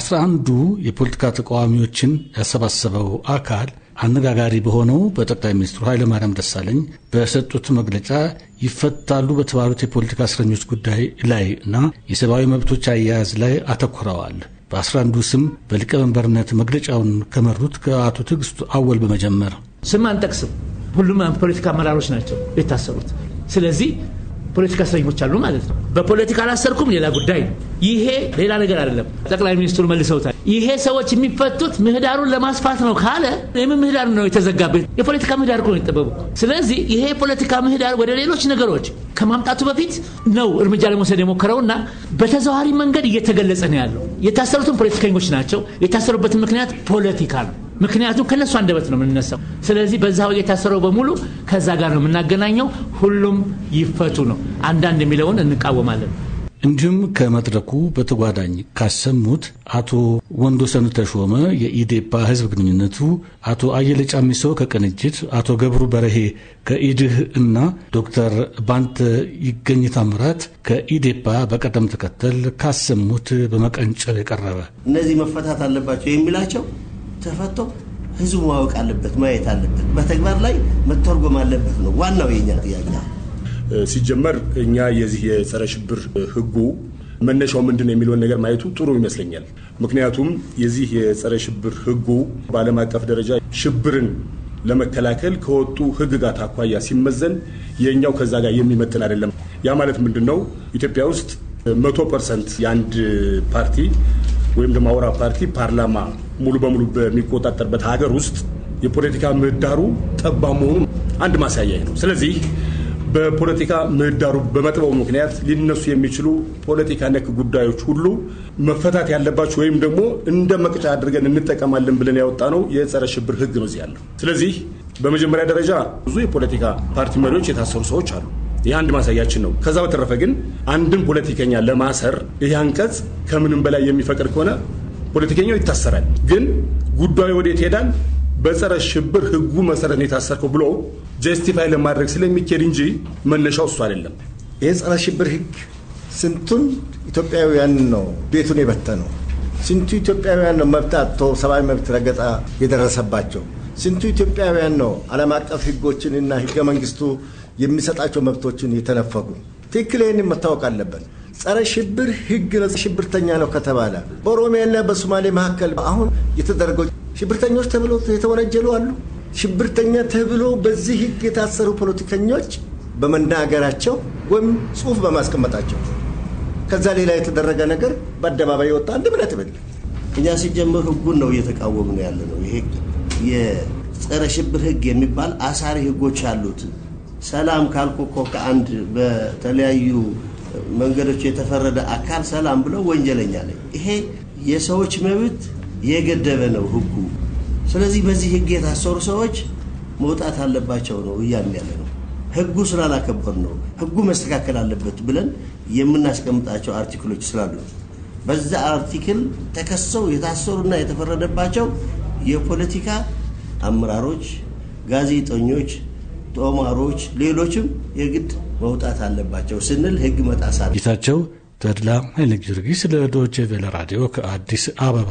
አስራ አንዱ የፖለቲካ ተቃዋሚዎችን ያሰባሰበው አካል አነጋጋሪ በሆነው በጠቅላይ ሚኒስትሩ ኃይለማርያም ደሳለኝ በሰጡት መግለጫ ይፈታሉ በተባሉት የፖለቲካ እስረኞች ጉዳይ ላይ እና የሰብአዊ መብቶች አያያዝ ላይ አተኩረዋል። በአስራ አንዱ ስም በሊቀመንበርነት መግለጫውን ከመሩት ከአቶ ትዕግስቱ አወል በመጀመር ስም አንጠቅስም። ሁሉም ፖለቲካ አመራሮች ናቸው የታሰሩት። ስለዚህ ፖለቲካ እስረኞች አሉ ማለት ነው። በፖለቲካ አላሰርኩም ሌላ ጉዳይ ነው። ይሄ ሌላ ነገር አይደለም። ጠቅላይ ሚኒስትሩ መልሰውታል። ይሄ ሰዎች የሚፈቱት ምህዳሩን ለማስፋት ነው ካለ የምን ምህዳር ነው የተዘጋበት? የፖለቲካ ምህዳር ነው የጠበቡ። ስለዚህ ይሄ የፖለቲካ ምህዳር ወደ ሌሎች ነገሮች ከማምጣቱ በፊት ነው እርምጃ ለመውሰድ እና በተዘዋዋሪ መንገድ እየተገለጸ ነው ያለው። የታሰሩትን ፖለቲከኞች ናቸው። የታሰሩበትን ምክንያት ፖለቲካ ነው። ምክንያቱም ከነሱ አንደበት ነው የምንነሳው። ስለዚህ በዛ ወግ የታሰረው በሙሉ ከዛ ጋር ነው የምናገናኘው። ሁሉም ይፈቱ ነው። አንዳንድ የሚለውን እንቃወማለን። እንዲሁም ከመድረኩ በተጓዳኝ ካሰሙት አቶ ወንዶሰኑ ተሾመ የኢዴፓ ህዝብ ግንኙነቱ፣ አቶ አየለ ጫሚሶ ከቅንጅት፣ አቶ ገብሩ በረሄ ከኢድህ እና ዶክተር ባንተ ይገኝ ታምራት ከኢዴፓ በቀደም ተከተል ካሰሙት በመቀንጨር የቀረበ እነዚህ መፈታት አለባቸው የሚላቸው ተፈቶ ህዝቡ ማወቅ አለበት፣ ማየት አለበት፣ በተግባር ላይ መተርጎም አለበት ነው ዋናው የኛ ጥያቄ። ሲጀመር እኛ የዚህ የጸረ ሽብር ህጉ መነሻው ምንድን ነው የሚለውን ነገር ማየቱ ጥሩ ይመስለኛል። ምክንያቱም የዚህ የጸረ ሽብር ህጉ በዓለም አቀፍ ደረጃ ሽብርን ለመከላከል ከወጡ ህግጋት አኳያ ሲመዘን የእኛው ከዛ ጋር የሚመጥን አይደለም። ያ ማለት ምንድን ነው? ኢትዮጵያ ውስጥ መቶ ፐርሰንት የአንድ ፓርቲ ወይም ደግሞ አውራ ፓርቲ ፓርላማ ሙሉ በሙሉ በሚቆጣጠርበት ሀገር ውስጥ የፖለቲካ ምህዳሩ ጠባብ መሆኑ አንድ ማሳያ ነው። ስለዚህ በፖለቲካ ምህዳሩ በመጥበቡ ምክንያት ሊነሱ የሚችሉ ፖለቲካ ነክ ጉዳዮች ሁሉ መፈታት ያለባቸው ወይም ደግሞ እንደ መቅጫ አድርገን እንጠቀማለን ብለን ያወጣ ነው የጸረ ሽብር ህግ ነው እዚህ ያለው። ስለዚህ በመጀመሪያ ደረጃ ብዙ የፖለቲካ ፓርቲ መሪዎች የታሰሩ ሰዎች አሉ። ይህ አንድ ማሳያችን ነው። ከዛ በተረፈ ግን አንድን ፖለቲከኛ ለማሰር ይህ አንቀጽ ከምንም በላይ የሚፈቅድ ከሆነ ፖለቲከኛው ይታሰራል። ግን ጉዳዩ ወዴት ይሄዳል? በጸረ ሽብር ህጉ መሰረት የታሰርከው ብሎ ጀስቲፋይ ለማድረግ ስለሚኬድ እንጂ መነሻው እሱ አይደለም። ይህ ጸረ ሽብር ህግ ስንቱን ኢትዮጵያውያን ነው ቤቱን የበተነው። ስንቱ ኢትዮጵያውያን ነው መብት አጥቶ ሰብአዊ መብት ረገጣ የደረሰባቸው። ስንቱ ኢትዮጵያውያን ነው ዓለም አቀፍ ህጎችን እና ህገ መንግስቱ የሚሰጣቸው መብቶችን የተነፈጉ ትክክል ይህን መታወቅ አለበት። ጸረ ሽብር ህግ ሽብርተኛ ነው ከተባለ በኦሮሚያና በሶማሌ መካከል አሁን የተደረገው ሽብርተኞች ተብሎ የተወነጀሉ አሉ። ሽብርተኛ ተብሎ በዚህ ህግ የታሰሩ ፖለቲከኞች በመናገራቸው ወይም ጽሁፍ በማስቀመጣቸው ከዛ ሌላ የተደረገ ነገር በአደባባይ የወጣ አንድ ምነት ብል እኛ ሲጀምር ህጉን ነው እየተቃወም ነው ያለ ነው። ይሄ የጸረ ሽብር ህግ የሚባል አሳሪ ህጎች አሉት። ሰላም ካልኩ እኮ ከአንድ በተለያዩ መንገዶች የተፈረደ አካል ሰላም ብለው ወንጀለኛ ነኝ። ይሄ የሰዎች መብት የገደበ ነው ህጉ። ስለዚህ በዚህ ህግ የታሰሩ ሰዎች መውጣት አለባቸው ነው እያልን ያለ ነው። ህጉ ስላላከበር ነው ህጉ መስተካከል አለበት ብለን የምናስቀምጣቸው አርቲክሎች ስላሉ በዛ አርቲክል ተከሰው የታሰሩና የተፈረደባቸው የፖለቲካ አመራሮች፣ ጋዜጠኞች ጦማሮች፣ ሌሎችም የግድ መውጣት አለባቸው ስንል ህግ መጣሳል። ጌታቸው ተድላ ኃይለ ጊዮርጊስ ለዶቼ ቬለ ራዲዮ ከአዲስ አበባ